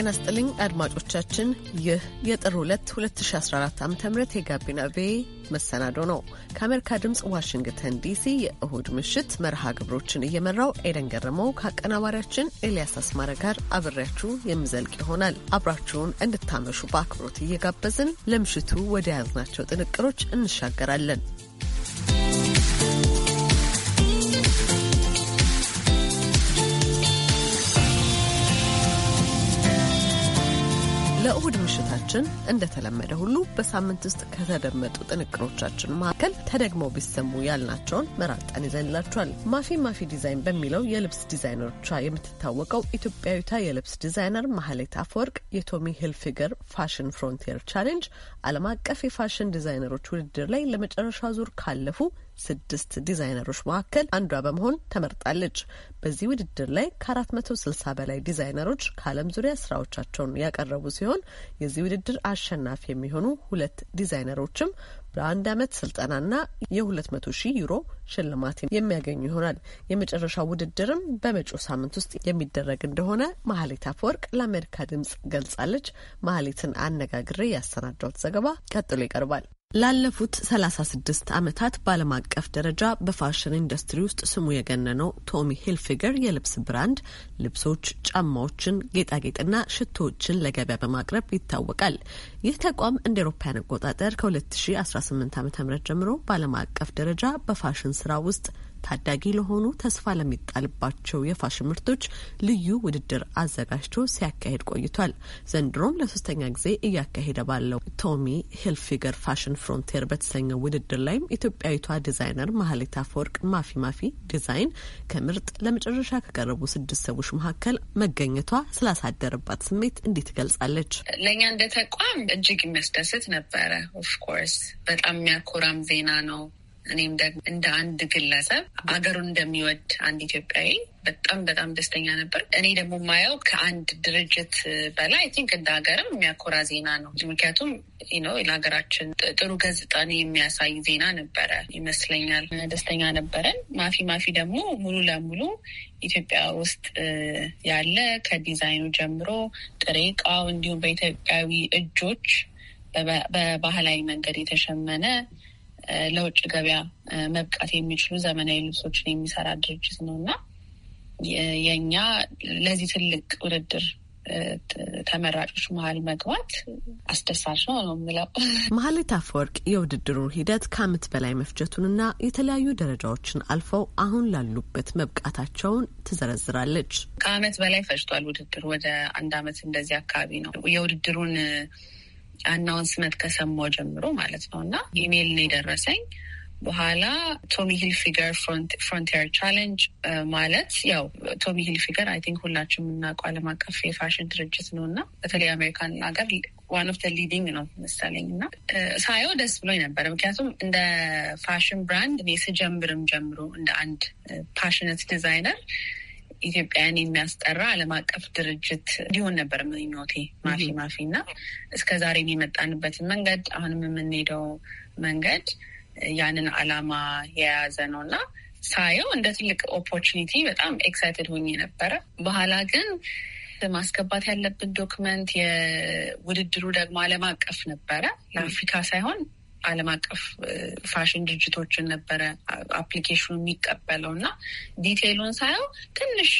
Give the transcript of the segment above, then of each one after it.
ጤና ስጥልኝ አድማጮቻችን፣ ይህ የጥር 2 2014 ዓ ም የጋቢና ቤ መሰናዶ ነው። ከአሜሪካ ድምፅ ዋሽንግተን ዲሲ የእሁድ ምሽት መርሃ ግብሮችን እየመራው ኤደን ገረመው ከአቀናባሪያችን ኤልያስ አስማረ ጋር አብሬያችሁ የምዘልቅ ይሆናል። አብራችሁን እንድታመሹ በአክብሮት እየጋበዝን ለምሽቱ ወደ ያዝናቸው ጥንቅሮች እንሻገራለን። ለእሁድ ምሽታችን እንደተለመደ ሁሉ በሳምንት ውስጥ ከተደመጡ ጥንቅሮቻችን መካከል ተደግመው ቢሰሙ ያልናቸውን መራጠን ይዘንላችኋል። ማፊ ማፊ ዲዛይን በሚለው የልብስ ዲዛይነሮቿ የምትታወቀው ኢትዮጵያዊቷ የልብስ ዲዛይነር ማህሌት አፈወርቅ የቶሚ ሂልፊገር ፋሽን ፍሮንቲየር ቻሌንጅ ዓለም አቀፍ የፋሽን ዲዛይነሮች ውድድር ላይ ለመጨረሻ ዙር ካለፉ ስድስት ዲዛይነሮች መካከል አንዷ በመሆን ተመርጣለች። በዚህ ውድድር ላይ ከአራት መቶ ስልሳ በላይ ዲዛይነሮች ከዓለም ዙሪያ ስራዎቻቸውን ያቀረቡ ሲሆን የዚህ ውድድር አሸናፊ የሚሆኑ ሁለት ዲዛይነሮችም በአንድ አመት ስልጠናና የሁለት መቶ ሺህ ዩሮ ሽልማት የሚያገኙ ይሆናል። የመጨረሻው ውድድርም በመጪው ሳምንት ውስጥ የሚደረግ እንደሆነ መሀሌት አፈወርቅ ለአሜሪካ ድምጽ ገልጻለች። መሀሌትን አነጋግሬ ያሰናዳሁት ዘገባ ቀጥሎ ይቀርባል። ላለፉት 36 ዓመታት በዓለም አቀፍ ደረጃ በፋሽን ኢንዱስትሪ ውስጥ ስሙ የገነነው ቶሚ ሂልፊገር የልብስ ብራንድ ልብሶች፣ ጫማዎችን፣ ጌጣጌጥና ሽቶዎችን ለገበያ በማቅረብ ይታወቃል። ይህ ተቋም እንደ ኤሮፓያን አቆጣጠር ከ2018 ዓ ም ጀምሮ በዓለም አቀፍ ደረጃ በፋሽን ስራ ውስጥ ታዳጊ ለሆኑ ተስፋ ለሚጣልባቸው የፋሽን ምርቶች ልዩ ውድድር አዘጋጅቶ ሲያካሄድ ቆይቷል። ዘንድሮም ለሶስተኛ ጊዜ እያካሄደ ባለው ቶሚ ሂልፊገር ፋሽን ፍሮንቲር በተሰኘው ውድድር ላይም ኢትዮጵያዊቷ ዲዛይነር ማህሌት አፈወርቅ ማፊ ማፊ ዲዛይን ከምርጥ ለመጨረሻ ከቀረቡ ስድስት ሰዎች መካከል መገኘቷ ስላሳደረባት ስሜት እንዲህ ትገልጻለች። ለእኛ እንደ ተቋም እጅግ የሚያስደስት ነበረ። ኦፍኮርስ በጣም የሚያኮራም ዜና ነው። እኔም ደግሞ እንደ አንድ ግለሰብ አገሩን እንደሚወድ አንድ ኢትዮጵያዊ በጣም በጣም ደስተኛ ነበር። እኔ ደግሞ የማየው ከአንድ ድርጅት በላይ አይ ቲንክ እንደ ሀገርም የሚያኮራ ዜና ነው። ምክንያቱም ነው ለሀገራችን ጥሩ ገጽታን የሚያሳይ ዜና ነበረ ይመስለኛል። ደስተኛ ነበረን። ማፊ ማፊ ደግሞ ሙሉ ለሙሉ ኢትዮጵያ ውስጥ ያለ ከዲዛይኑ ጀምሮ ጥሬ እቃው እንዲሁም በኢትዮጵያዊ እጆች በባህላዊ መንገድ የተሸመነ ለውጭ ገበያ መብቃት የሚችሉ ዘመናዊ ልብሶችን የሚሰራ ድርጅት ነው እና የእኛ ለዚህ ትልቅ ውድድር ተመራጮች መሀል መግባት አስደሳች ነው ነው የምለው። መሀሌት አፈወርቅ የውድድሩ ሂደት ከዓመት በላይ መፍጀቱንና የተለያዩ ደረጃዎችን አልፈው አሁን ላሉበት መብቃታቸውን ትዘረዝራለች። ከዓመት በላይ ፈጅቷል ውድድር ወደ አንድ ዓመት እንደዚህ አካባቢ ነው የውድድሩን አናውንስመንት ከሰማው ጀምሮ ማለት ነው እና ኢሜይል ነው የደረሰኝ። በኋላ ቶሚ ሂል ፊገር ፍሮንቲር ቻሌንጅ ማለት ያው ቶሚ ሂል ፊገር አይ ቲንክ ሁላችንም የምናውቀው ዓለም አቀፍ የፋሽን ድርጅት ነው እና በተለይ አሜሪካን ሀገር ዋን ኦፍ ተ ሊዲንግ ነው መሰለኝ እና ሳየው ደስ ብሎኝ ነበረ። ምክንያቱም እንደ ፋሽን ብራንድ እኔ ስጀምርም ጀምሮ እንደ አንድ ፓሽነት ዲዛይነር ኢትዮጵያን የሚያስጠራ ዓለም አቀፍ ድርጅት እንዲሆን ነበር ምኞቴ ማፊ ማፊ እና እስከ ዛሬ የመጣንበትን መንገድ አሁንም የምንሄደው መንገድ ያንን ዓላማ የያዘ ነው እና ሳየው እንደ ትልቅ ኦፖርቹኒቲ በጣም ኤክሳይትድ ሆኜ ነበረ። በኋላ ግን ማስገባት ያለብን ዶክመንት የውድድሩ ደግሞ ዓለም አቀፍ ነበረ ለአፍሪካ ሳይሆን ዓለም አቀፍ ፋሽን ድርጅቶችን ነበረ አፕሊኬሽኑ የሚቀበለው እና ዲቴይሉን ሳየው ትንሽ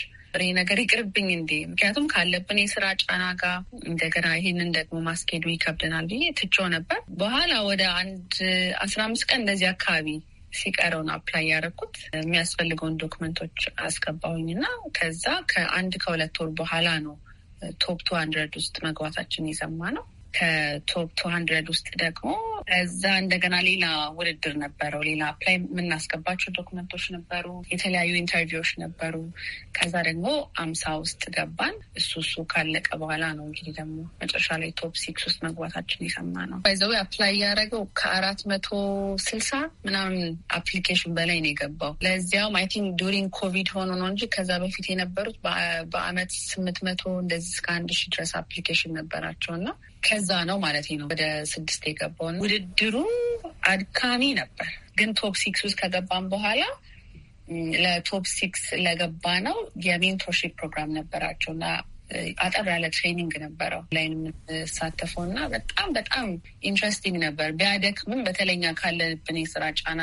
ሬ ነገር ይቅርብኝ እንዴ! ምክንያቱም ካለብን የስራ ጫና ጋር እንደገና ይህንን ደግሞ ማስኬዱ ይከብደናል ብዬ ትቼው ነበር። በኋላ ወደ አንድ አስራ አምስት ቀን እንደዚህ አካባቢ ሲቀረውን አፕላይ ያደረኩት የሚያስፈልገውን ዶክመንቶች አስገባሁኝ እና ከዛ ከአንድ ከሁለት ወር በኋላ ነው ቶፕ ቱ ሀንድረድ ውስጥ መግባታችን የሰማ ነው። ከቶፕ ቱ ሀንድረድ ውስጥ ደግሞ ከዛ እንደገና ሌላ ውድድር ነበረው። ሌላ አፕላይ የምናስገባቸው ዶክመንቶች ነበሩ፣ የተለያዩ ኢንተርቪዎች ነበሩ። ከዛ ደግሞ አምሳ ውስጥ ገባን። እሱ እሱ ካለቀ በኋላ ነው እንግዲህ ደግሞ መጨረሻ ላይ ቶፕ ሲክስ ውስጥ መግባታችን የሰማ ነው። ባይዘው አፕላይ እያደረገው ከአራት መቶ ስልሳ ምናምን አፕሊኬሽን በላይ ነው የገባው። ለዚያውም አይ ቲንክ ዱሪንግ ኮቪድ ሆኖ ነው እንጂ ከዛ በፊት የነበሩት በአመት ስምንት መቶ እንደዚህ እስከ አንድ ሺ ድረስ አፕሊኬሽን ነበራቸው እና ከዛ ነው ማለት ነው ወደ ስድስት የገባውን። ውድድሩ አድካሚ ነበር፣ ግን ቶፕ ሲክስ ውስጥ ከገባን በኋላ ለቶፕ ሲክስ ለገባ ነው የሜንቶርሺፕ ፕሮግራም ነበራቸው እና አጠር ያለ ትሬኒንግ ነበረው ላይ የምንሳተፈው እና በጣም በጣም ኢንትረስቲንግ ነበር። ቢያደክምም በተለኛ ካለብን የስራ ጫና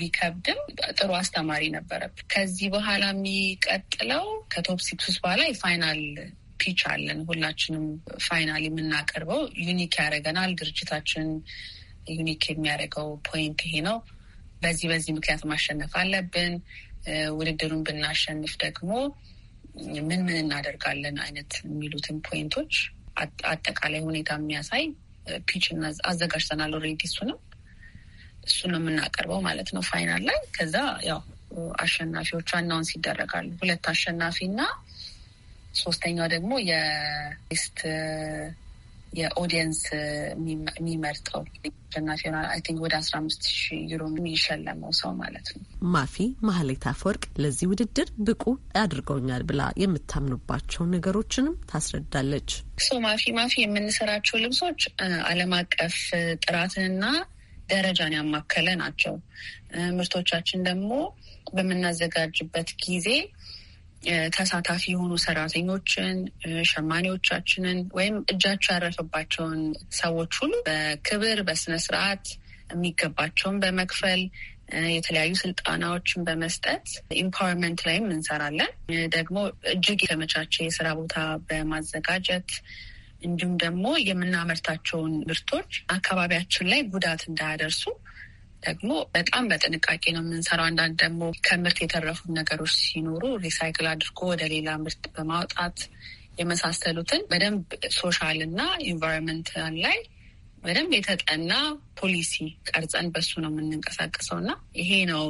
ቢከብድም ጥሩ አስተማሪ ነበረብን። ከዚህ በኋላ የሚቀጥለው ከቶፕ ሲክስ ውስጥ በኋላ የፋይናል ፒች አለን። ሁላችንም ፋይናል የምናቀርበው ዩኒክ ያደርገናል። ድርጅታችን ዩኒክ የሚያደርገው ፖይንት ይሄ ነው። በዚህ በዚህ ምክንያት ማሸነፍ አለብን። ውድድሩን ብናሸንፍ ደግሞ ምን ምን እናደርጋለን አይነት የሚሉትን ፖይንቶች አጠቃላይ ሁኔታ የሚያሳይ ፒች አዘጋጅተናል። ኦልሬዲ እሱንም እሱን ነው የምናቀርበው ማለት ነው ፋይናል ላይ። ከዛ ያው አሸናፊዎች አናውንስ ይደረጋሉ። ሁለት አሸናፊ እና ሶስተኛው ደግሞ የስት የኦዲየንስ የሚመርጠው ኢንተርናሽናል አይ ቲንክ ወደ አስራ አምስት ሺ ዩሮ የሚሸለመው ሰው ማለት ነው። ማፊ ማህሌት አፈወርቅ ለዚህ ውድድር ብቁ አድርገውኛል ብላ የምታምኑባቸው ነገሮችንም ታስረዳለች። ሶ ማፊ ማፊ የምንሰራቸው ልብሶች ዓለም አቀፍ ጥራትንና ደረጃን ያማከለ ናቸው። ምርቶቻችን ደግሞ በምናዘጋጅበት ጊዜ ተሳታፊ የሆኑ ሰራተኞችን፣ ሸማኔዎቻችንን ወይም እጃቸው ያረፈባቸውን ሰዎች ሁሉ በክብር በስነስርዓት የሚገባቸውን በመክፈል የተለያዩ ስልጠናዎችን በመስጠት ኢምፓወርመንት ላይም እንሰራለን። ደግሞ እጅግ የተመቻቸ የስራ ቦታ በማዘጋጀት እንዲሁም ደግሞ የምናመርታቸውን ምርቶች አካባቢያችን ላይ ጉዳት እንዳያደርሱ ደግሞ በጣም በጥንቃቄ ነው የምንሰራው። አንዳንድ ደግሞ ከምርት የተረፉ ነገሮች ሲኖሩ ሪሳይክል አድርጎ ወደ ሌላ ምርት በማውጣት የመሳሰሉትን በደንብ ሶሻል እና ኢንቫይሮንመንታል ላይ በደንብ የተጠና ፖሊሲ ቀርጸን በሱ ነው የምንንቀሳቀሰው እና ይሄ ነው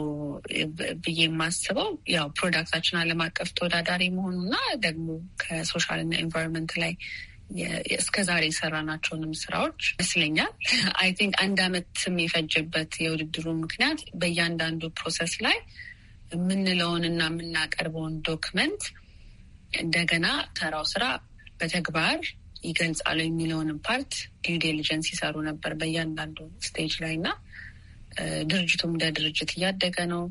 ብዬ የማስበው ያው ፕሮዳክታችን ዓለም አቀፍ ተወዳዳሪ እና ደግሞ ከሶሻል እና ኢንቫይሮንመንት ላይ እስከ ዛሬ የሰራናቸውንም ስራዎች ይመስለኛል። አይ ቲንክ አንድ አመት የሚፈጅበት የውድድሩ ምክንያት በእያንዳንዱ ፕሮሰስ ላይ የምንለውን እና የምናቀርበውን ዶክመንት እንደገና ተራው ስራ በተግባር ይገልጻሉ የሚለውንም ፓርት ዲዩ ዲሊጀንስ ይሰሩ ነበር በእያንዳንዱ ስቴጅ ላይ እና ድርጅቱም እንደ ድርጅት እያደገ ነው።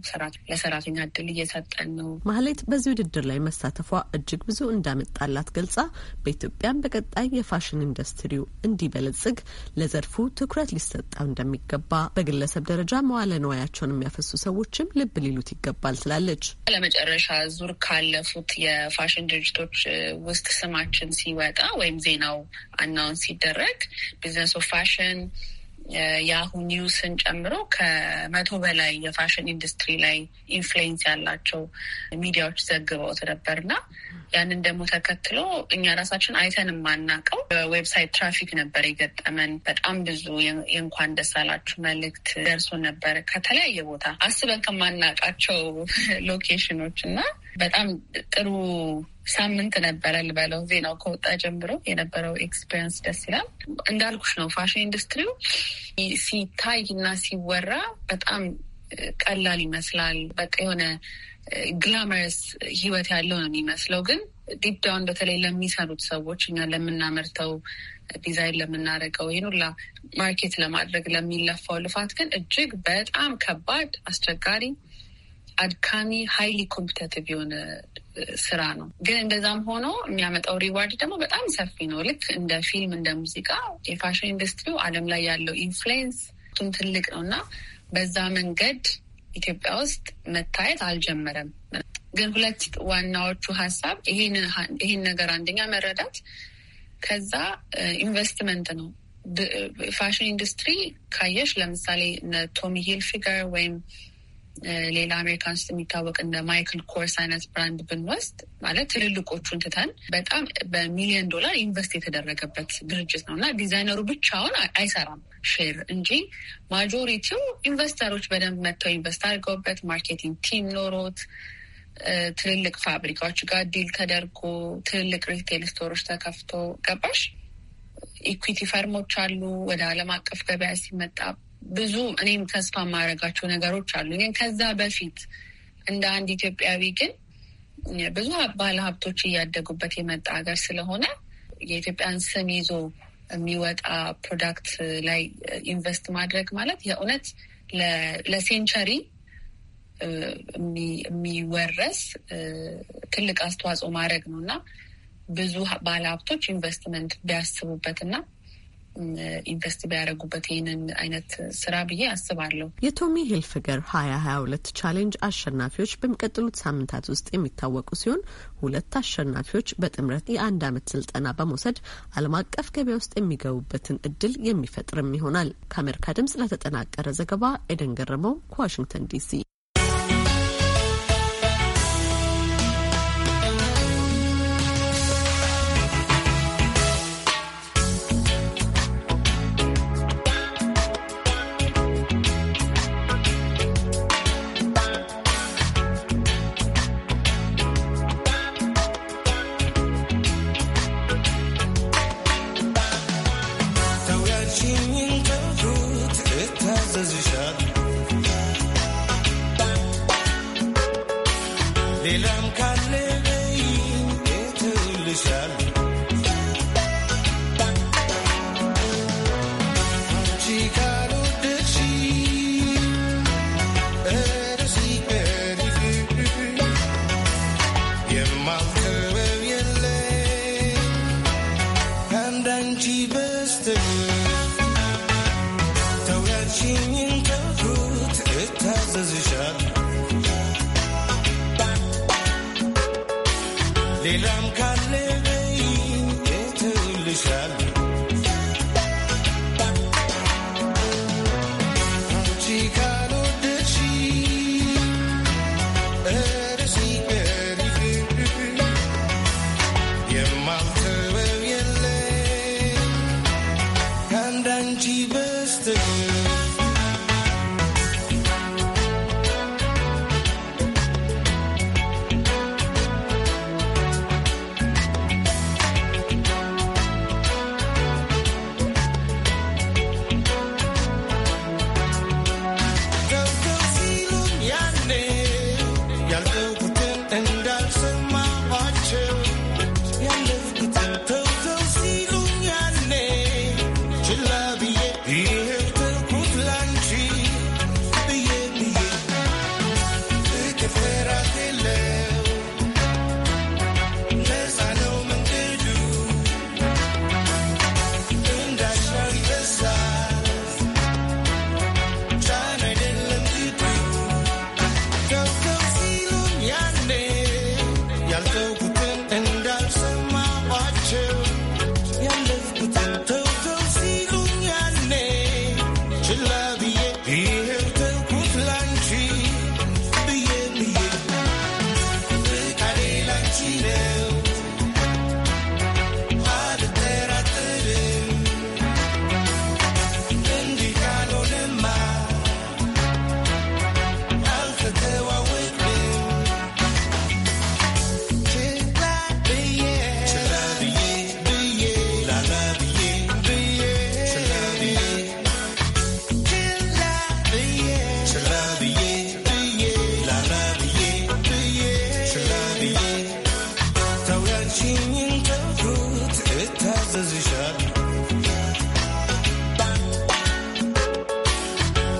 ለሰራተኛ እድል እየሰጠን ነው። ማህሌት በዚህ ውድድር ላይ መሳተፏ እጅግ ብዙ እንዳመጣላት ገልጻ በኢትዮጵያም በቀጣይ የፋሽን ኢንዱስትሪው እንዲበለጽግ ለዘርፉ ትኩረት ሊሰጠው እንደሚገባ በግለሰብ ደረጃ መዋለ ንዋያቸውን የሚያፈሱ ሰዎችም ልብ ሊሉት ይገባል ትላለች። ለመጨረሻ ዙር ካለፉት የፋሽን ድርጅቶች ውስጥ ስማችን ሲወጣ ወይም ዜናው አናውን ሲደረግ ቢዝነስ ኦፍ ፋሽን የአሁ ኒውስን ጨምሮ ከመቶ በላይ የፋሽን ኢንዱስትሪ ላይ ኢንፍሉዌንስ ያላቸው ሚዲያዎች ዘግበውት ነበርና ያንን ደግሞ ተከትሎ እኛ ራሳችን አይተን የማናቀው በዌብሳይት ትራፊክ ነበር የገጠመን። በጣም ብዙ የእንኳን ደስ አላችሁ መልእክት ደርሶ ነበር ከተለያየ ቦታ አስበን ከማናውቃቸው ሎኬሽኖች እና በጣም ጥሩ ሳምንት ነበረ ልበለው። ዜናው ከወጣ ጀምሮ የነበረው ኤክስፔሪንስ ደስ ይላል። እንዳልኩሽ ነው ፋሽን ኢንዱስትሪው ሲታይ እና ሲወራ በጣም ቀላል ይመስላል። በቃ የሆነ ግላመረስ ህይወት ያለው ነው የሚመስለው። ግን ዲፕ ዳውን በተለይ ለሚሰሩት ሰዎች እኛ ለምናመርተው ዲዛይን ለምናደርገው ይህን ሁላ ማርኬት ለማድረግ ለሚለፋው ልፋት ግን እጅግ በጣም ከባድ አስቸጋሪ አድካሚ ሀይሊ ኮምፒተቲቭ የሆነ ስራ ነው። ግን እንደዛም ሆኖ የሚያመጣው ሪዋርድ ደግሞ በጣም ሰፊ ነው። ልክ እንደ ፊልም፣ እንደ ሙዚቃ የፋሽን ኢንዱስትሪው ዓለም ላይ ያለው ኢንፍሉዌንስ ቱም ትልቅ ነው እና በዛ መንገድ ኢትዮጵያ ውስጥ መታየት አልጀመረም። ግን ሁለት ዋናዎቹ ሀሳብ ይህን ነገር አንደኛ መረዳት፣ ከዛ ኢንቨስትመንት ነው። ፋሽን ኢንዱስትሪ ካየሽ ለምሳሌ ቶሚ ሂልፊገር ወይም ሌላ አሜሪካ ውስጥ የሚታወቅ እንደ ማይክል ኮርስ አይነት ብራንድ ብንወስድ ማለት ትልልቆቹን ትተን በጣም በሚሊዮን ዶላር ኢንቨስት የተደረገበት ድርጅት ነው እና ዲዛይነሩ ብቻውን አይሰራም ሼር እንጂ ማጆሪቲው ኢንቨስተሮች በደንብ መጥተው ኢንቨስት አድርገውበት ማርኬቲንግ ቲም ኖሮት ትልልቅ ፋብሪካዎች ጋር ዲል ተደርጎ ትልልቅ ሪቴል ስቶሮች ተከፍቶ ገባሽ ኢኩዊቲ ፈርሞች አሉ። ወደ ዓለም አቀፍ ገበያ ሲመጣ ብዙ እኔም ተስፋ የማደርጋቸው ነገሮች አሉ። ግን ከዛ በፊት እንደ አንድ ኢትዮጵያዊ ግን ብዙ ባለ ሀብቶች እያደጉበት የመጣ ሀገር ስለሆነ የኢትዮጵያን ስም ይዞ የሚወጣ ፕሮዳክት ላይ ኢንቨስት ማድረግ ማለት የእውነት ለሴንቸሪ የሚወረስ ትልቅ አስተዋጽኦ ማድረግ ነው እና ብዙ ባለ ሀብቶች ኢንቨስትመንት ቢያስቡበት እና ኢንቨስት ቢያደርጉበት ይህንን አይነት ስራ ብዬ አስባለሁ። የቶሚ ሂልፊገር ሀያ ሀያ ሁለት ቻሌንጅ አሸናፊዎች በሚቀጥሉት ሳምንታት ውስጥ የሚታወቁ ሲሆን ሁለት አሸናፊዎች በጥምረት የአንድ አመት ስልጠና በመውሰድ ዓለም አቀፍ ገበያ ውስጥ የሚገቡበትን እድል የሚፈጥርም ይሆናል። ከአሜሪካ ድምጽ ለተጠናቀረ ዘገባ ኤደን ገረመው ከዋሽንግተን ዲሲ give my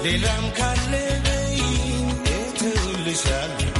ሌላም ካለ በይኝ እተውልሻለሁ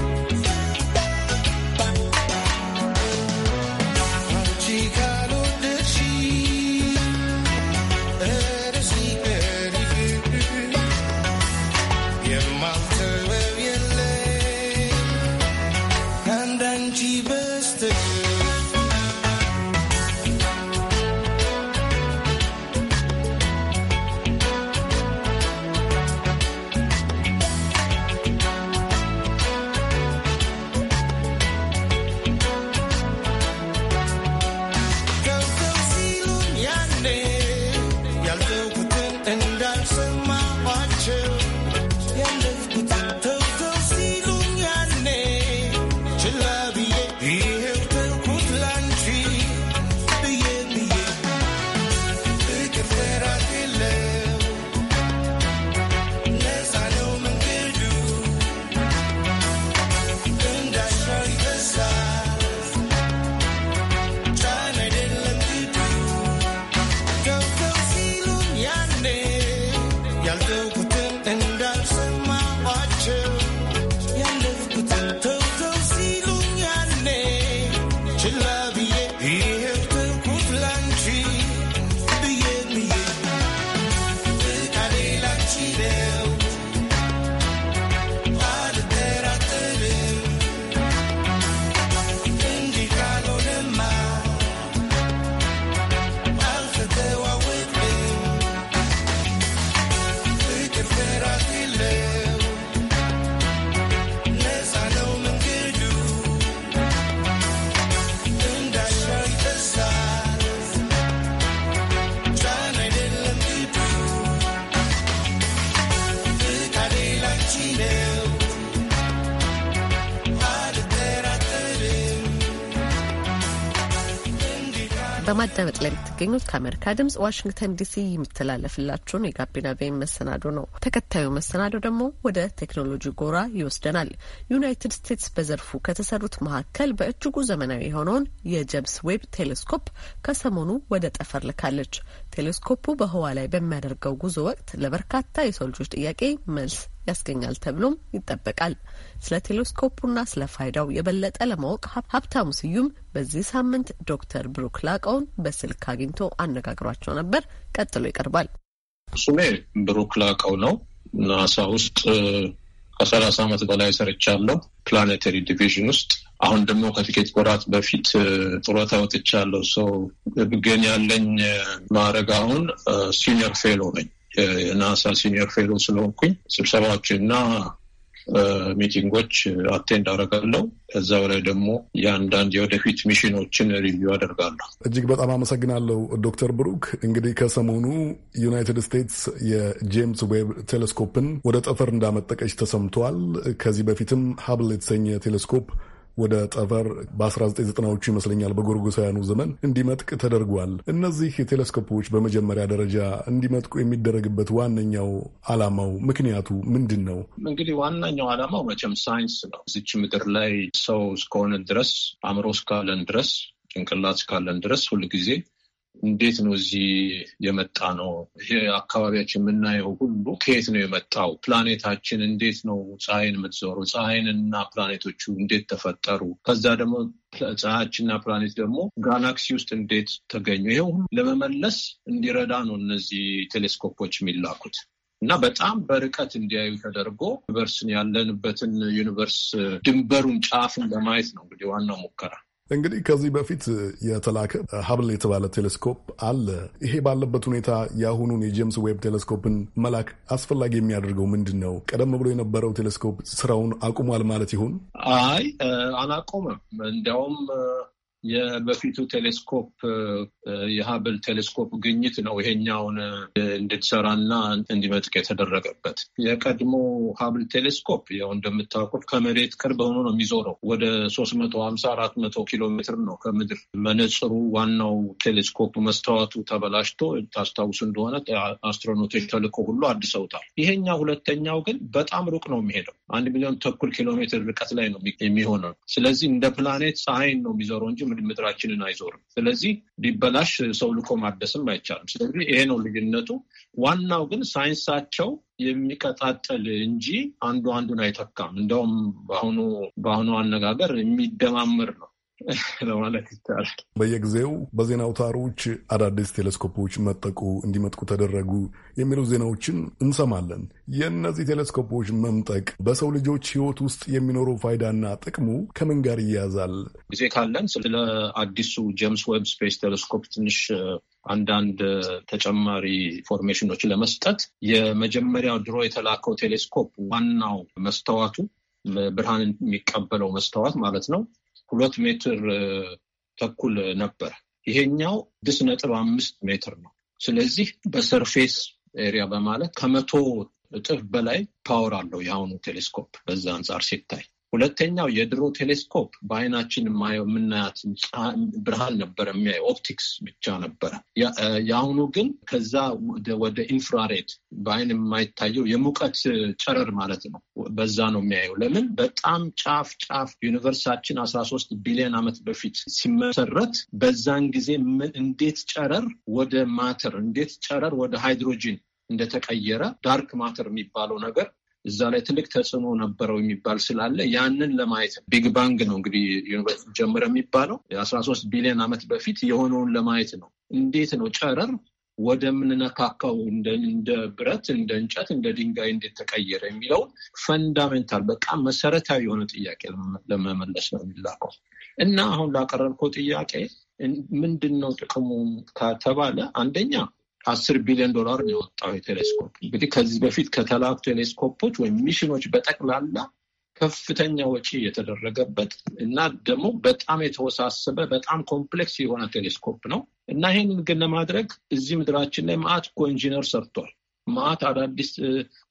በማዳመጥ ላይ የምትገኙት ከአሜሪካ ድምጽ ዋሽንግተን ዲሲ የምተላለፍላችሁን የጋቢና ቬን መሰናዶ ነው። ተከታዩ መሰናዶ ደግሞ ወደ ቴክኖሎጂ ጎራ ይወስደናል። ዩናይትድ ስቴትስ በዘርፉ ከተሰሩት መካከል በእጅጉ ዘመናዊ የሆነውን የጀምስ ዌብ ቴሌስኮፕ ከሰሞኑ ወደ ጠፈር ልካለች። ቴሌስኮፑ በህዋ ላይ በሚያደርገው ጉዞ ወቅት ለበርካታ የሰው ልጆች ጥያቄ መልስ ያስገኛል ተብሎም ይጠበቃል። ስለ ቴሌስኮፑና ስለ ፋይዳው የበለጠ ለማወቅ ሀብታሙ ስዩም በዚህ ሳምንት ዶክተር ብሩክ ላቀውን በስልክ አግኝቶ አነጋግሯቸው ነበር። ቀጥሎ ይቀርባል። ስሜ ብሩክ ላቀው ነው። ናሳ ውስጥ ከሰላሳ ዓመት በላይ ሰርቻለሁ ፕላኔተሪ ዲቪዥን ውስጥ። አሁን ደግሞ ከጥቂት ወራት በፊት ጡረታ ወጥቻለሁ። ሰው ግን ያለኝ ማዕረግ አሁን ሲኒየር ፌሎ ነኝ የናሳ ሲኒየር ፌሎ ስለሆንኩኝ ስብሰባዎችና ሚቲንጎች አቴንድ አደርጋለሁ። ከዛ በላይ ደግሞ የአንዳንድ የወደፊት ሚሽኖችን ሪቪው አደርጋለሁ። እጅግ በጣም አመሰግናለሁ ዶክተር ብሩክ። እንግዲህ ከሰሞኑ ዩናይትድ ስቴትስ የጄምስ ዌብ ቴሌስኮፕን ወደ ጠፈር እንዳመጠቀች ተሰምተዋል። ከዚህ በፊትም ሀብል የተሰኘ ቴሌስኮፕ ወደ ጠፈር በ1990ዎቹ ይመስለኛል በጎርጎሳውያኑ ዘመን እንዲመጥቅ ተደርጓል። እነዚህ ቴሌስኮፖች በመጀመሪያ ደረጃ እንዲመጥቁ የሚደረግበት ዋነኛው ዓላማው ምክንያቱ ምንድን ነው? እንግዲህ ዋነኛው ዓላማው መቼም ሳይንስ ነው። እዚች ምድር ላይ ሰው እስከሆነ ድረስ አእምሮ እስካለን ድረስ ጭንቅላት እስካለን ድረስ ሁልጊዜ እንዴት ነው እዚህ የመጣ ነው? ይሄ አካባቢያችን የምናየው ሁሉ ከየት ነው የመጣው? ፕላኔታችን እንዴት ነው ፀሐይን የምትዞሩ? ፀሐይን እና ፕላኔቶቹ እንዴት ተፈጠሩ? ከዛ ደግሞ ፀሐያችንና ፕላኔት ደግሞ ጋላክሲ ውስጥ እንዴት ተገኙ? ይሄ ሁሉ ለመመለስ እንዲረዳ ነው እነዚህ ቴሌስኮፖች የሚላኩት እና በጣም በርቀት እንዲያዩ ተደርጎ ዩኒቨርስን ያለንበትን ዩኒቨርስ ድንበሩን ጫፍን ለማየት ነው እንግዲህ ዋናው ሙከራ። እንግዲህ ከዚህ በፊት የተላከ ሀብል የተባለ ቴሌስኮፕ አለ። ይሄ ባለበት ሁኔታ የአሁኑን የጄምስ ዌብ ቴሌስኮፕን መላክ አስፈላጊ የሚያደርገው ምንድን ነው? ቀደም ብሎ የነበረው ቴሌስኮፕ ስራውን አቁሟል ማለት ይሆን? አይ አላቆመም። እንዲያውም የበፊቱ ቴሌስኮፕ የሀብል ቴሌስኮፕ ግኝት ነው ይሄኛውን እንድትሰራና እንዲመጥቅ የተደረገበት። የቀድሞ ሀብል ቴሌስኮፕ ያው እንደምታውቁት ከመሬት ቅርብ ሆኖ ነው የሚዞረው። ወደ ሶስት መቶ ሀምሳ አራት መቶ ኪሎ ሜትር ነው ከምድር። መነጽሩ ዋናው ቴሌስኮፕ መስታወቱ ተበላሽቶ ታስታውሱ እንደሆነ አስትሮኖቶች ተልኮ ሁሉ አድሰውታል። ይሄኛው ሁለተኛው ግን በጣም ሩቅ ነው የሚሄደው። አንድ ሚሊዮን ተኩል ኪሎ ሜትር ርቀት ላይ ነው የሚሆነው። ስለዚህ እንደ ፕላኔት ፀሐይን ነው የሚዞረው እንጂ ምድራችንን አይዞርም። ስለዚህ ቢበላሽ ሰው ልኮ ማደስም አይቻልም። ስለዚህ ይሄ ነው ልዩነቱ። ዋናው ግን ሳይንሳቸው የሚቀጣጠል እንጂ አንዱ አንዱን አይተካም። እንደውም በአሁኑ በአሁኑ አነጋገር የሚደማምር ነው። ለማለት ይቻላል። በየጊዜው በዜና አውታሮች አዳዲስ ቴሌስኮፖች መጠቁ እንዲመጥቁ ተደረጉ የሚሉ ዜናዎችን እንሰማለን። የእነዚህ ቴሌስኮፖች መምጠቅ በሰው ልጆች ሕይወት ውስጥ የሚኖረው ፋይዳና ጥቅሙ ከምን ጋር ይያዛል? ጊዜ ካለን ስለ አዲሱ ጄምስ ዌብ ስፔስ ቴሌስኮፕ ትንሽ አንዳንድ ተጨማሪ ኢንፎርሜሽኖች ለመስጠት የመጀመሪያው ድሮ የተላከው ቴሌስኮፕ ዋናው መስተዋቱ ብርሃን የሚቀበለው መስተዋት ማለት ነው ሁለት ሜትር ተኩል ነበረ። ይሄኛው ስድስት ነጥብ አምስት ሜትር ነው። ስለዚህ በሰርፌስ ኤሪያ በማለት ከመቶ እጥፍ በላይ ፓወር አለው የአሁኑ ቴሌስኮፕ። በዛ አንጻር ሲታይ ሁለተኛው የድሮ ቴሌስኮፕ በአይናችን የማየው የምናያት ብርሃን ነበረ የሚያየ ኦፕቲክስ ብቻ ነበረ። የአሁኑ ግን ከዛ ወደ ኢንፍራሬድ በአይን የማይታየው የሙቀት ጨረር ማለት ነው። በዛ ነው የሚያየው። ለምን በጣም ጫፍ ጫፍ ዩኒቨርሳችን አስራ ሶስት ቢሊዮን ዓመት በፊት ሲመሰረት በዛን ጊዜ እንዴት ጨረር ወደ ማተር እንዴት ጨረር ወደ ሃይድሮጂን እንደተቀየረ ዳርክ ማተር የሚባለው ነገር እዛ ላይ ትልቅ ተጽዕኖ ነበረው የሚባል ስላለ ያንን ለማየት ቢግ ባንግ ነው እንግዲህ ዩኒቨርሲቲ ጀምረ የሚባለው የአስራ ሶስት ቢሊዮን ዓመት በፊት የሆነውን ለማየት ነው። እንዴት ነው ጨረር ወደምንነካካው እንደ ብረት፣ እንደ እንጨት፣ እንደ ድንጋይ እንዴት ተቀየረ የሚለውን ፈንዳሜንታል በጣም መሰረታዊ የሆነ ጥያቄ ለመመለስ ነው የሚላከው እና አሁን ላቀረብከው ጥያቄ ምንድን ነው ጥቅሙ ከተባለ አንደኛ አስር ቢሊዮን ዶላር ነው የወጣው የቴሌስኮፕ። እንግዲህ ከዚህ በፊት ከተላኩ ቴሌስኮፖች ወይም ሚሽኖች በጠቅላላ ከፍተኛ ወጪ የተደረገበት እና ደግሞ በጣም የተወሳሰበ በጣም ኮምፕሌክስ የሆነ ቴሌስኮፕ ነው እና ይህንን ግን ለማድረግ እዚህ ምድራችን ላይ ማአት እኮ ኢንጂነር ሰርቷል። ማአት አዳዲስ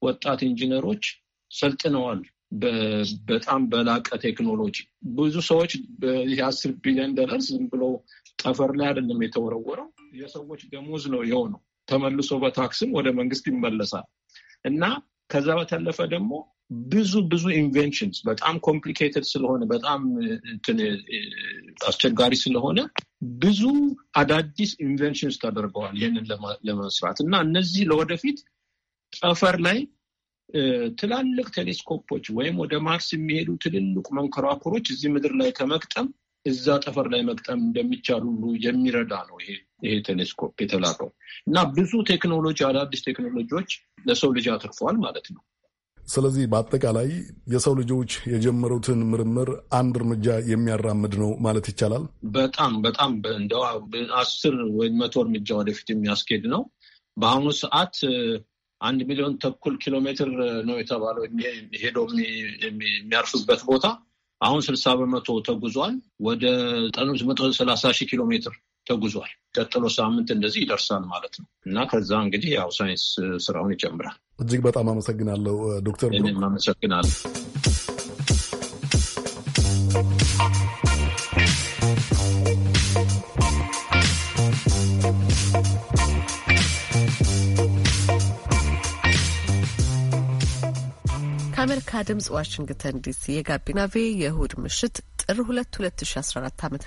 ወጣት ኢንጂነሮች ሰልጥነዋል። በጣም በላቀ ቴክኖሎጂ ብዙ ሰዎች አስር ቢሊዮን ዶላር ዝም ብሎ ጠፈር ላይ አይደለም የተወረወረው የሰዎች ደሞዝ ነው የሆነው። ተመልሶ በታክስም ወደ መንግስት ይመለሳል እና ከዛ በተለፈ ደግሞ ብዙ ብዙ ኢንቨንሽንስ በጣም ኮምፕሊኬትድ ስለሆነ በጣም አስቸጋሪ ስለሆነ ብዙ አዳዲስ ኢንቨንሽንስ ተደርገዋል ይህንን ለመስራት እና እነዚህ ለወደፊት ጠፈር ላይ ትላልቅ ቴሌስኮፖች ወይም ወደ ማርስ የሚሄዱ ትልልቅ መንኮራኩሮች እዚህ ምድር ላይ ከመቅጠም እዛ ጠፈር ላይ መቅጠም እንደሚቻል ሁሉ የሚረዳ ነው ይሄ ይሄ ቴሌስኮፕ የተላከው እና ብዙ ቴክኖሎጂ አዳዲስ ቴክኖሎጂዎች ለሰው ልጅ አትርፏል ማለት ነው። ስለዚህ በአጠቃላይ የሰው ልጆች የጀመሩትን ምርምር አንድ እርምጃ የሚያራምድ ነው ማለት ይቻላል። በጣም በጣም እንደ አስር ወይም መቶ እርምጃ ወደፊት የሚያስኬድ ነው። በአሁኑ ሰዓት አንድ ሚሊዮን ተኩል ኪሎ ሜትር ነው የተባለው ሄዶ የሚያርፍበት ቦታ አሁን ስልሳ በመቶ ተጉዟል። ወደ መቶ ሰላሳ ሺህ ኪሎ ሜትር ተጉዟል። ቀጥሎ ሳምንት እንደዚህ ይደርሳል ማለት ነው እና ከዛ እንግዲህ ያው ሳይንስ ስራውን ይጨምራል። እጅግ በጣም አመሰግናለሁ ዶክተር አመሰግናለሁ። ከአሜሪካ ድምጽ ዋሽንግተን ዲሲ የጋቢና ቬ የእሁድ ምሽት ጥር ሁለት ሁለት ሺ አስራ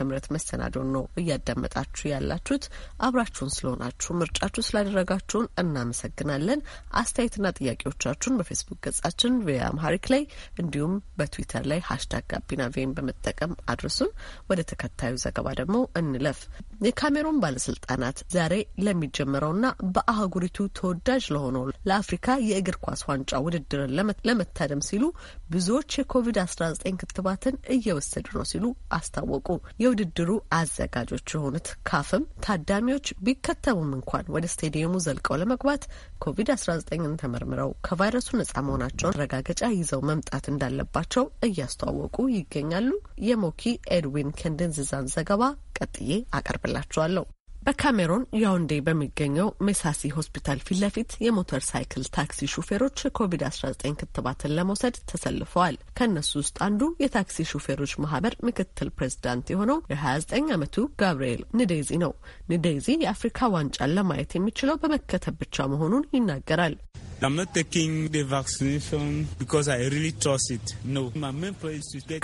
አራት መሰናዶን ነው እያዳመጣችሁ ያላችሁት። አብራችሁን ስለሆናችሁ ምርጫችሁ ስላደረጋችሁን እናመሰግናለን። አስተያየትና ጥያቄዎቻችሁን በፌስቡክ ገጻችን ቪኦኤ አምሃሪክ ላይ እንዲሁም በትዊተር ላይ ሀሽታግ ጋቢና ቬን በመጠቀም አድርሱን። ወደ ተከታዩ ዘገባ ደግሞ እንለፍ። የካሜሮን ባለስልጣናት ዛሬ ለሚጀምረውና በአህጉሪቱ ተወዳጅ ለሆነው ለአፍሪካ የእግር ኳስ ዋንጫ ውድድርን ለመታደም ሲሉ ብዙዎች የኮቪድ-19 ክትባትን እየወሰዱ ነው ሲሉ አስታወቁ። የውድድሩ አዘጋጆች የሆኑት ካፍም ታዳሚዎች ቢከተቡም እንኳን ወደ ስቴዲየሙ ዘልቀው ለመግባት ኮቪድ-19ን ተመርምረው ከቫይረሱ ነጻ መሆናቸውን ረጋገጫ ይዘው መምጣት እንዳለባቸው እያስተዋወቁ ይገኛሉ። የሞኪ ኤድዊን ከንደንዝዛን ዘገባ ቀጥዬ አቀርባል። አቀርብላችኋለሁ። በካሜሮን ያውንዴ በሚገኘው ሜሳሲ ሆስፒታል ፊት ለፊት የሞተር ሳይክል ታክሲ ሹፌሮች የኮቪድ-19 ክትባትን ለመውሰድ ተሰልፈዋል። ከእነሱ ውስጥ አንዱ የታክሲ ሹፌሮች ማህበር ምክትል ፕሬዚዳንት የሆነው የ29 ዓመቱ ጋብርኤል ንዴዚ ነው። ንዴዚ የአፍሪካ ዋንጫን ለማየት የሚችለው በመከተብ ብቻ መሆኑን ይናገራል።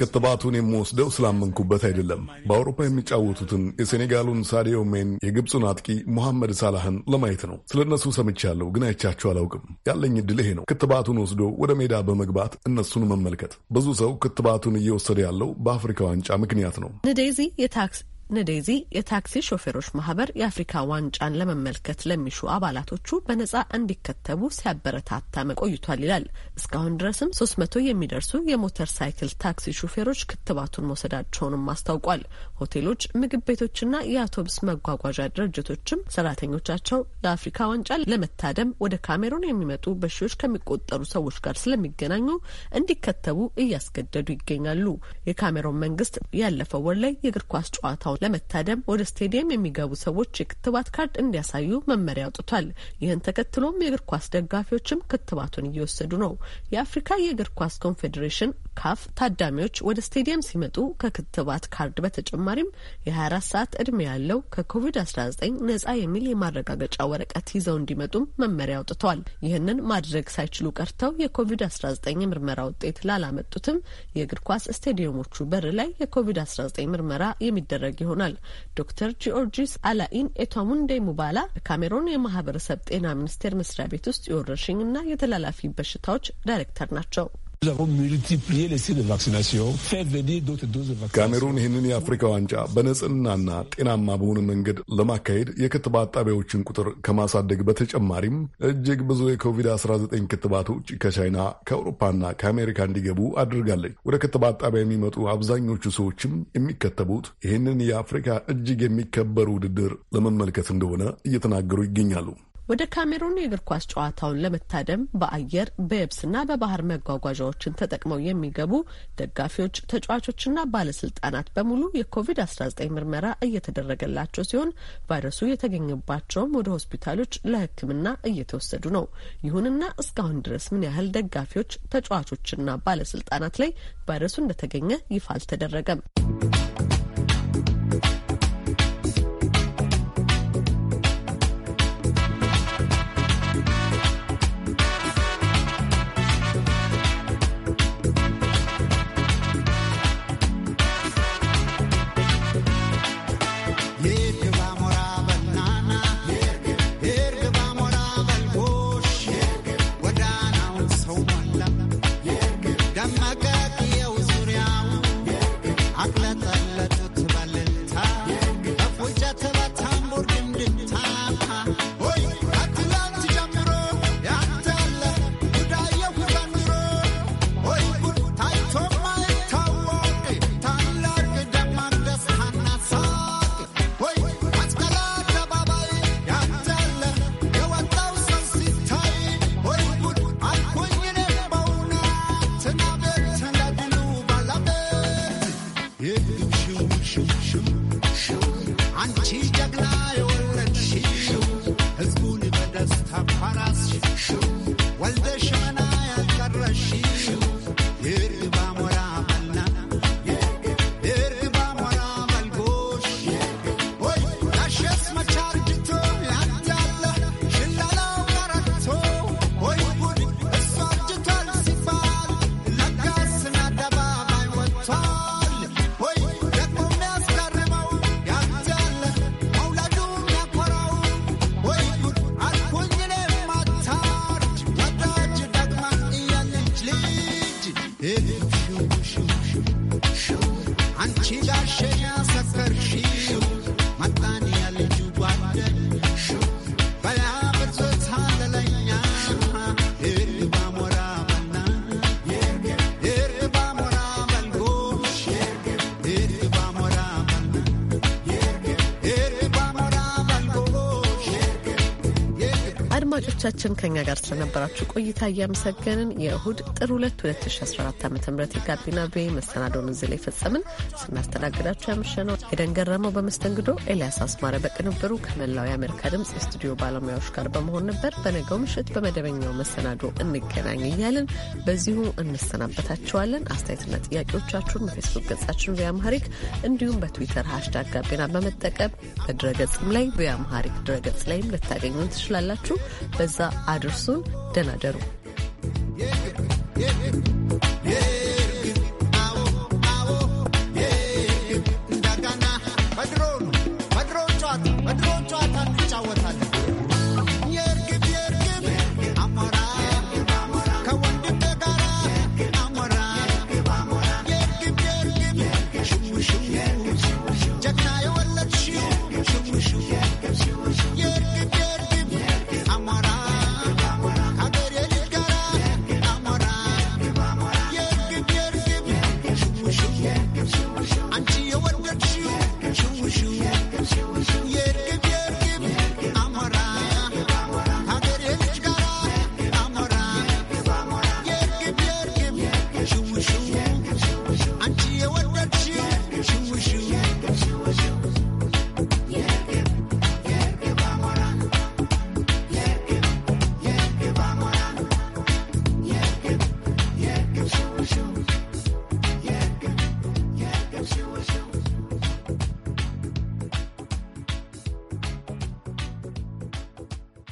ክትባቱን የምወስደው ስላመንኩበት አይደለም። በአውሮፓ የሚጫወቱትን የሴኔጋሉን ሳዲዮ ሜን፣ የግብፁን አጥቂ ሙሐመድ ሳላህን ለማየት ነው። ስለ እነሱ ሰምቻለሁ፣ ግን አይቻቸው አላውቅም። ያለኝ እድል ይሄ ነው፣ ክትባቱን ወስዶ ወደ ሜዳ በመግባት እነሱን መመልከት። ብዙ ሰው ክትባቱን እየወሰደ ያለው በአፍሪካ ዋንጫ ምክንያት ነው። ለዴዚ የታክስ ነዴዚ የታክሲ ሾፌሮች ማህበር የአፍሪካ ዋንጫን ለመመልከት ለሚሹ አባላቶቹ በነጻ እንዲከተቡ ሲያበረታታ መቆይቷል ይላል። እስካሁን ድረስም ሶስት መቶ የሚደርሱ የሞተር ሳይክል ታክሲ ሾፌሮች ክትባቱን መውሰዳቸውንም አስታውቋል። ሆቴሎች፣ ምግብ ቤቶችና የአውቶብስ መጓጓዣ ድርጅቶችም ሰራተኞቻቸው ለአፍሪካ ዋንጫ ለመታደም ወደ ካሜሩን የሚመጡ በሺዎች ከሚቆጠሩ ሰዎች ጋር ስለሚገናኙ እንዲከተቡ እያስገደዱ ይገኛሉ። የካሜሮን መንግስት ያለፈው ወር ላይ የእግር ኳስ ጨዋታውን ለመታደም ወደ ስቴዲየም የሚገቡ ሰዎች የክትባት ካርድ እንዲያሳዩ መመሪያ አውጥቷል። ይህን ተከትሎም የእግር ኳስ ደጋፊዎችም ክትባቱን እየወሰዱ ነው። የአፍሪካ የእግር ኳስ ኮንፌዴሬሽን ካፍ ታዳሚዎች ወደ ስቴዲየም ሲመጡ ከክትባት ካርድ በተጨማሪም የ24 ሰዓት እድሜ ያለው ከኮቪድ-19 ነጻ የሚል የማረጋገጫ ወረቀት ይዘው እንዲመጡም መመሪያ አውጥተዋል። ይህንን ማድረግ ሳይችሉ ቀርተው የኮቪድ-19 የምርመራ ውጤት ላላመጡትም የእግር ኳስ ስቴዲየሞቹ በር ላይ የኮቪድ-19 ምርመራ የሚደረግ ይሆናል። ዶክተር ጂኦርጂስ አላኢን ኤቷሙንዴ ሙባላ ካሜሮን የማህበረሰብ ጤና ሚኒስቴር መስሪያ ቤት ውስጥ የወረርሽኝና የተላላፊ በሽታዎች ዳይሬክተር ናቸው። ካሜሩን ይህንን የአፍሪካ ዋንጫ በንጽህናና ጤናማ በሆነ መንገድ ለማካሄድ የክትባት ጣቢያዎችን ቁጥር ከማሳደግ በተጨማሪም እጅግ ብዙ የኮቪድ-19 ክትባቶች ከቻይና ከአውሮፓና ከአሜሪካ እንዲገቡ አድርጋለች። ወደ ክትባት ጣቢያ የሚመጡ አብዛኞቹ ሰዎችም የሚከተቡት ይህንን የአፍሪካ እጅግ የሚከበር ውድድር ለመመልከት እንደሆነ እየተናገሩ ይገኛሉ። ወደ ካሜሩን የእግር ኳስ ጨዋታውን ለመታደም በአየር በየብስና በባህር መጓጓዣዎችን ተጠቅመው የሚገቡ ደጋፊዎች፣ ተጫዋቾችና ባለስልጣናት በሙሉ የኮቪድ-19 ምርመራ እየተደረገላቸው ሲሆን ቫይረሱ የተገኘባቸውም ወደ ሆስፒታሎች ለሕክምና እየተወሰዱ ነው። ይሁንና እስካሁን ድረስ ምን ያህል ደጋፊዎች፣ ተጫዋቾችና ባለስልጣናት ላይ ቫይረሱ እንደተገኘ ይፋ አልተደረገም። 传奇。አድማጮቻችን ከኛ ጋር ስለነበራችሁ ቆይታ እያመሰገንን የእሁድ ጥር 2 2014 ዓ ም የጋቢና ቤ መሰናዶን እዚህ ላይ ፈጸምን። ስናስተናግዳችሁ ነው ኤደን ገረመው በመስተንግዶ፣ ኤልያስ አስማረ በቅንብሩ ከመላው የአሜሪካ ድምፅ የስቱዲዮ ባለሙያዎች ጋር በመሆን ነበር። በነገው ምሽት በመደበኛው መሰናዶ እንገናኝ እያልን በዚሁ እንሰናበታችኋለን። አስተያየትና ጥያቄዎቻችሁን በፌስቡክ ገጻችን ቪያምሃሪክ እንዲሁም በትዊተር ሀሽታግ ጋቢና በመጠቀም በድረገጽም ላይ ቪያምሃሪክ ድረገጽ ላይም ልታገኙን ትችላላችሁ። እስከዛ አድርሱን። yeah, yeah.